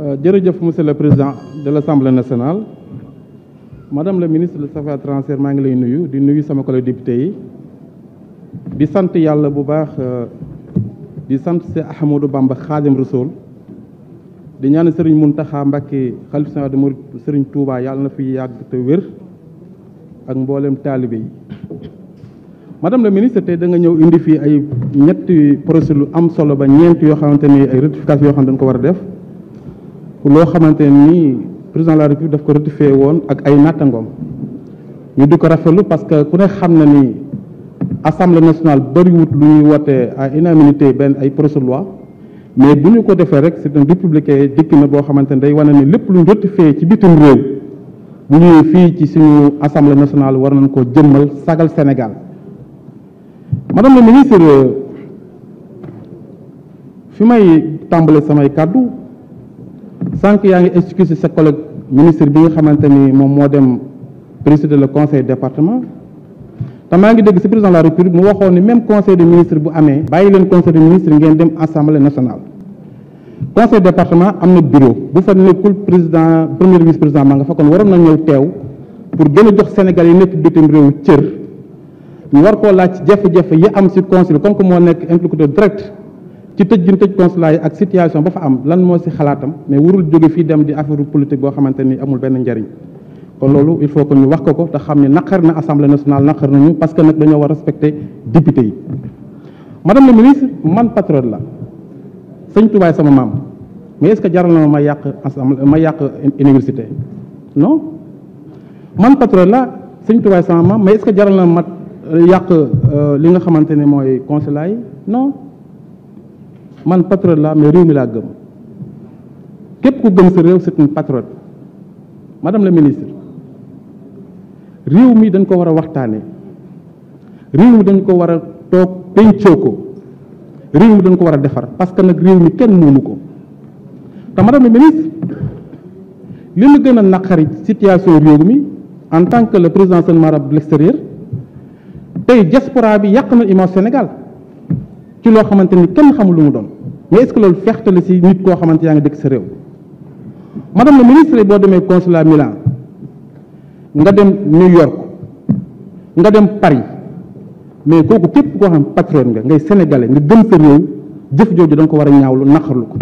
Euh, jërëjëf monsieur le président de l'Assemblée nationale madame la ministre de affaires étrangères maa ngi lay nuyu di nuyu sama collègue député yi di sant yàlla bu baax euh, di sant si Ahmadou Bamba Xaadim Rasul di ñaan sëriñ Muntaxa Mbàkke xalifa de Murid sëriñ Touba yàlla na fi yàgg te wér ak mboolem taalibe yi madame la ministre tey da nga ñëw indi fii ay ñetti procédure lu am solo ba ñeent yoo xamante ni ay ratification yoo xam dañ ko war a def loo xamante nii président de la république daf ko ratifié woon ak ay nattangoom ñu di ko rafetlu parce que ku ne xam na ni assemblée nationale bëriwut lu ñuy wootee à unanimité benn ay procédure loi mais bu ñu ko defee rek c'est un républicain dikk na boo xamante ni day na ni lépp lu ñu ratifié ci bitim réew bu fii ci suñu assemblée nationale war nañ ko jëmmal sagal Sénégal madame la ministre euh, fi may tàmbale samay kàddu sànq yaa ngi excuse sa collègue ministre bi nga xamante ni moom moo dem présider le conseil département te maa ngi dégg si président de la république mu waxoon ni même conseil des ministres bu amee bàyyi leen conseil des ministres ngeen dem assemblée national conseil département am na bureau bu fa nekkul président premier vice président maa nga fa kon waroon na ñëw teew pour gën a jox Sénégal yi nekk bitim ñu war koo laaj ci jafe-jafe yi am si consul comme que moo nekk interlocuteur direct ci tëj gi tëj consulat yi ak situation ba fa am lan moo si xalaatam mais warul jóge fii dem di affaire politique boo xamante ni amul benn njariñ kon loolu il faut que ñu wax ko ko te xam ne naqar na assemblée nationale naqar nañu parce que nag dañoo war respecter député yi. madame la ministre man patriote la sëñ Tubaay sama maam mais est-ce que jaral na ma yàq assemblée ma yàq université non man patriote la sëñ Tubaay sama maam mais est-ce que jaral yàq euh, li nga xamante ne mooy consulat yi non man patriote laa mais réew mi laa gëm képp ku gëm sa réew c'est une patriote madame la ministre réew mi dañ ko war a waxtaane réew mi dañ ko war a toog pencoo ko réew mi dañ ko war a defar parce que nag réew mi kenn moomu ko te madame la ministre li mu gën a naqari situation réew mi en tant que le président seulement de l'extérieur tey diaspora bi yàq na image Sénégal ci loo xamante ni kenn xamul lu mu doon mais est-ce que si nit koo xamante yaa ngi dëkk sa réew madame la ministre boo demee consulat Milan nga dem New York nga dem Paris mais kooku képp koo xam patriote nga ngay sénégalais nga gëm sa réew jëf jooju da ko war a ñaawlu naqarlu ko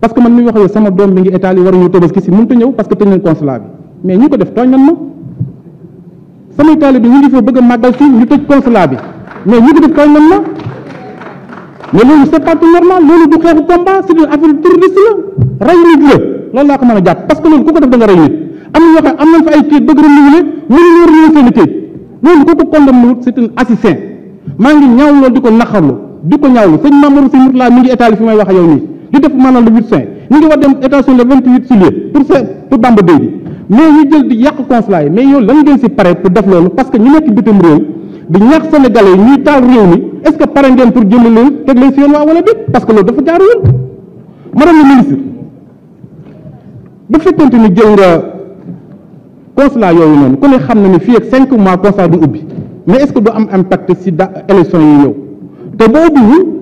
parce que man mi wax sama doom bi ngi état yi war a ñëw tabaski si mënut a ñëw parce que tëj nañ bi mais ñi ko def tooñ nan ma samay taalibe ñu ngi fa bëgg a màggal si ñu tëj consulat bi mais ñu ko def kaw nan la mais loolu du xeexu combat c'est une affaire loolu que loolu ku ko def da nga rey nit am na ñoo fa ay kayit bëgg renouveler mënuñoo renouveler seen i kayit loolu ku ko condamné wut c'est un assassin maa ngi ñaaw loolu di ko naqarlu di ko ñaawlu sëñ Mamadou Sy Mourtala mi ngi état fi may wax yow nii di def maanaam le huit juin ñu ngi war dem étation le vingt huit juillet pour sa Bamba Day bi mais ñu jël di yàq consulat yi mais yow lan ngeen si pare pour def loolu parce que ñu nekk bitim réew di ñaax sénégalais yi ñuy taal réew mi est ce que pare ngeen pour jëmale leen teg leen si yoon waa wala déet parce que loolu dafa jaar ni jël nga consulat yooyu noonu ku ne xam na ni fii ak cinq mois consulat du ubbi mais est ce que du am impact si da élection yi ñëw te boo ubbiwul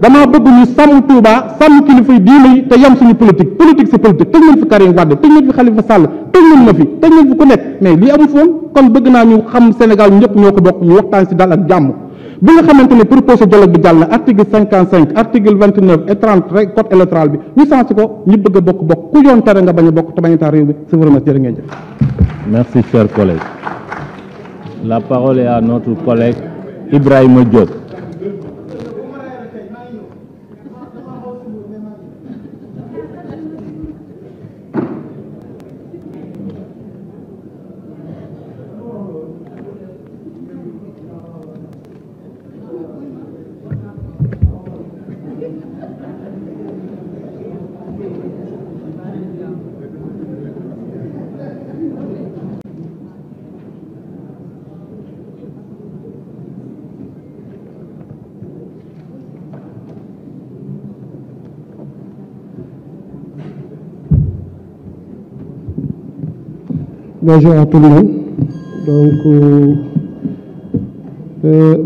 damaa bëgg ñu sàmm Touba sàmm kilifay diine yi te yam suñu politique politique c'est politique tëj nañ fi Karim Wade tëj nañ fi Khalifa Sall tëj nañ ma fi tëj nañ fi ku nekk mais lii amul foon kon bëgg naa ñu xam Sénégal ñëpp ñoo ko bokk ñu waxtaan si daal ak jàmm bi nga xamante ne proposé dialogue bi jàll na article cinquante cinq article vingt neuf et trente rek code électoral bi ñu sens ko ñu bëgg a bokk bokk ku yoon tere nga bañ a bokk te bañ a taal réew bi Ibrahima Diop. Bonjour à tout le monde. Donc,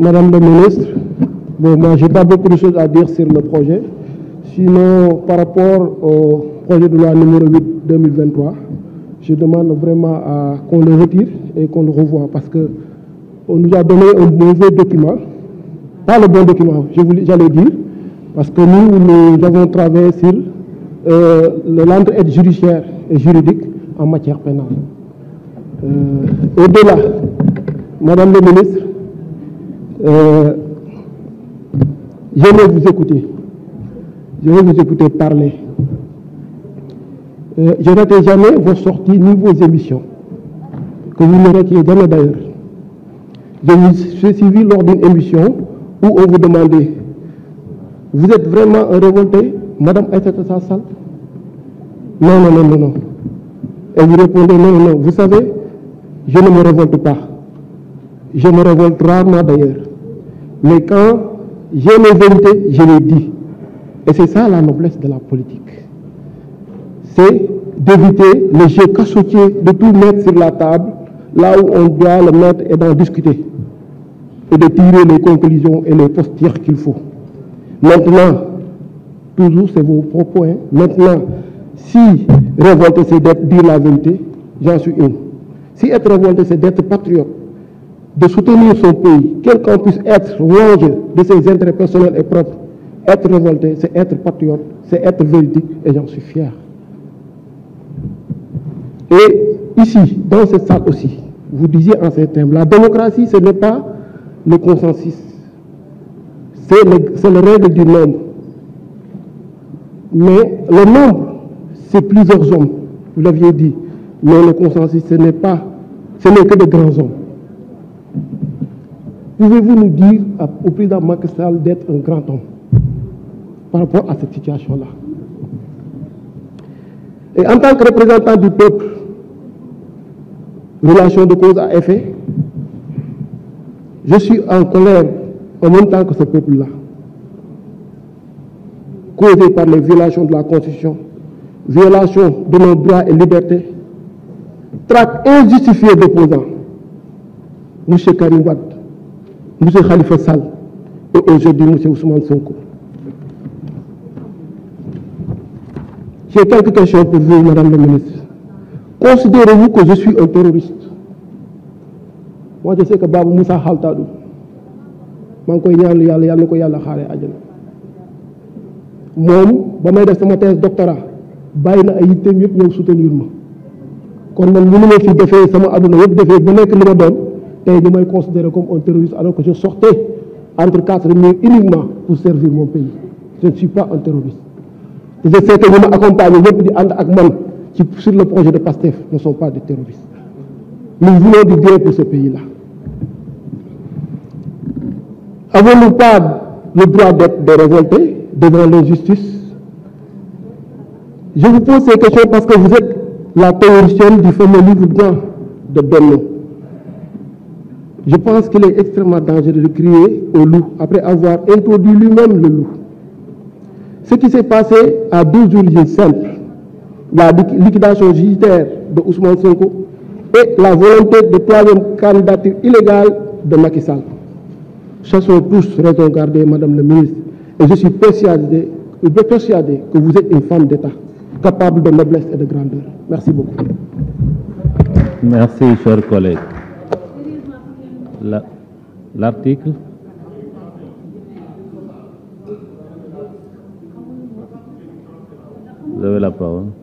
Madame la ministre, j'ai pas beaucoup de choses à dire sur le projet. Sinon, par rapport au projet de la numéro 8 2023, je demande vraiment à qu'on le retire et qu'on le revoie parce que on nous a donné un mauvais document, pas le bon document, j'allais dire, parce que nous, nous avons travaillé sur euh, l'entraide judiciaire et juridique en matière pénale. Euh, au-delà, Madame le ministre, euh, je vais vous écouter. Je vais vous écouter parler. Euh, je n'attends jamais vos sorties ni vos émissions, que vous ne ratiez jamais d'ailleurs. Je vous suivi lors d'une émission où on vous demandait Vous êtes vraiment un révolté, Madame Aïssata Sassal Non, non, non, Et vous répondez non, non. Vous savez, Je ne me révolte pas. Je me révolte rarement d'ailleurs. Mais quand j'ai mes je les dis. Et c'est ça la noblesse de la politique. C'est d'éviter le jeu cachotier, de tout mettre sur la table, là où on doit le mettre et d'en discuter. Et de tirer les conclusions et les postures qu'il faut. Maintenant, toujours c'est vos propos, Maintenant, si révolter c'est dire la vérité, j'en suis une. Si être révolté, c'est d'être patriote, de soutenir son pays, quel puisse être loin de ses intérêts personnels et propres. Être révolté, c'est être patriote, c'est être véridique, et j'en suis fier. Et ici, dans cette salle aussi, vous disiez en ces termes, la démocratie, ce n'est pas le consensus, c'est le, règle du nombre. Mais le nombre, c'est plusieurs hommes, vous l'aviez dit. mais le consensus, ce n'est pas, ce n'est que des grands hommes. Pouvez-vous nous dire à, au président Macky d'être un grand homme par rapport à cette situation-là Et en tant que représentant du peuple, relation de cause à effet, je suis en colère en même temps que ce peuple-là, causé par les violations de la Constitution, violations de nos droits et libertés, traque injustifiée d'opposants, M. Karim Wad, M. Khalifa Sall et aujourd'hui M. Ousmane Sonko. J'ai quelques questions pour vous, Madame la Ministre. Considérez-vous que je suis un terroriste Moi, je sais que Babou Moussa Khaltadou, maa ngi koy ñaanal yàlla yàlla na ko yàlla xaaree àjjana moom ba may def sama thèse doctorat bàyyi na ay yitteem yëpp ñëw soutenir ma kon nag mënu ma fi defee sama àdduna yëpp defee bu nekk li ma doon tey ñu may considéré comme un terroriste alors que je sortais entre quatre murs uniquement pour servir mon pays je ne suis pas un terroriste te que ñu ma accompagné ñëpp di ànd ak man ci sur le projet de PASTEF ne sont pas des terroristes nous voulons du bien pour ce pays-là avons-nous pas le droit d'être de révolter devant l'injustice je vous pose ces questions parce la coercion du fameux livre blanc de Benno. Je pense qu'il est extrêmement dangereux de crier au loup après avoir introduit lui-même le loup. Ce qui s'est passé à deux jours simples, la liquidation judiciaire de Ousmane Sonko et la volonté de troisième candidature illégale de Macky Sall. Chassons tous raison gardée, Madame la Ministre, et je suis persuadé que vous êtes une femme d'État. capable de noblesse et de grandeur merci beaucoup. merci chers collègues la l'article. vous avez la parole.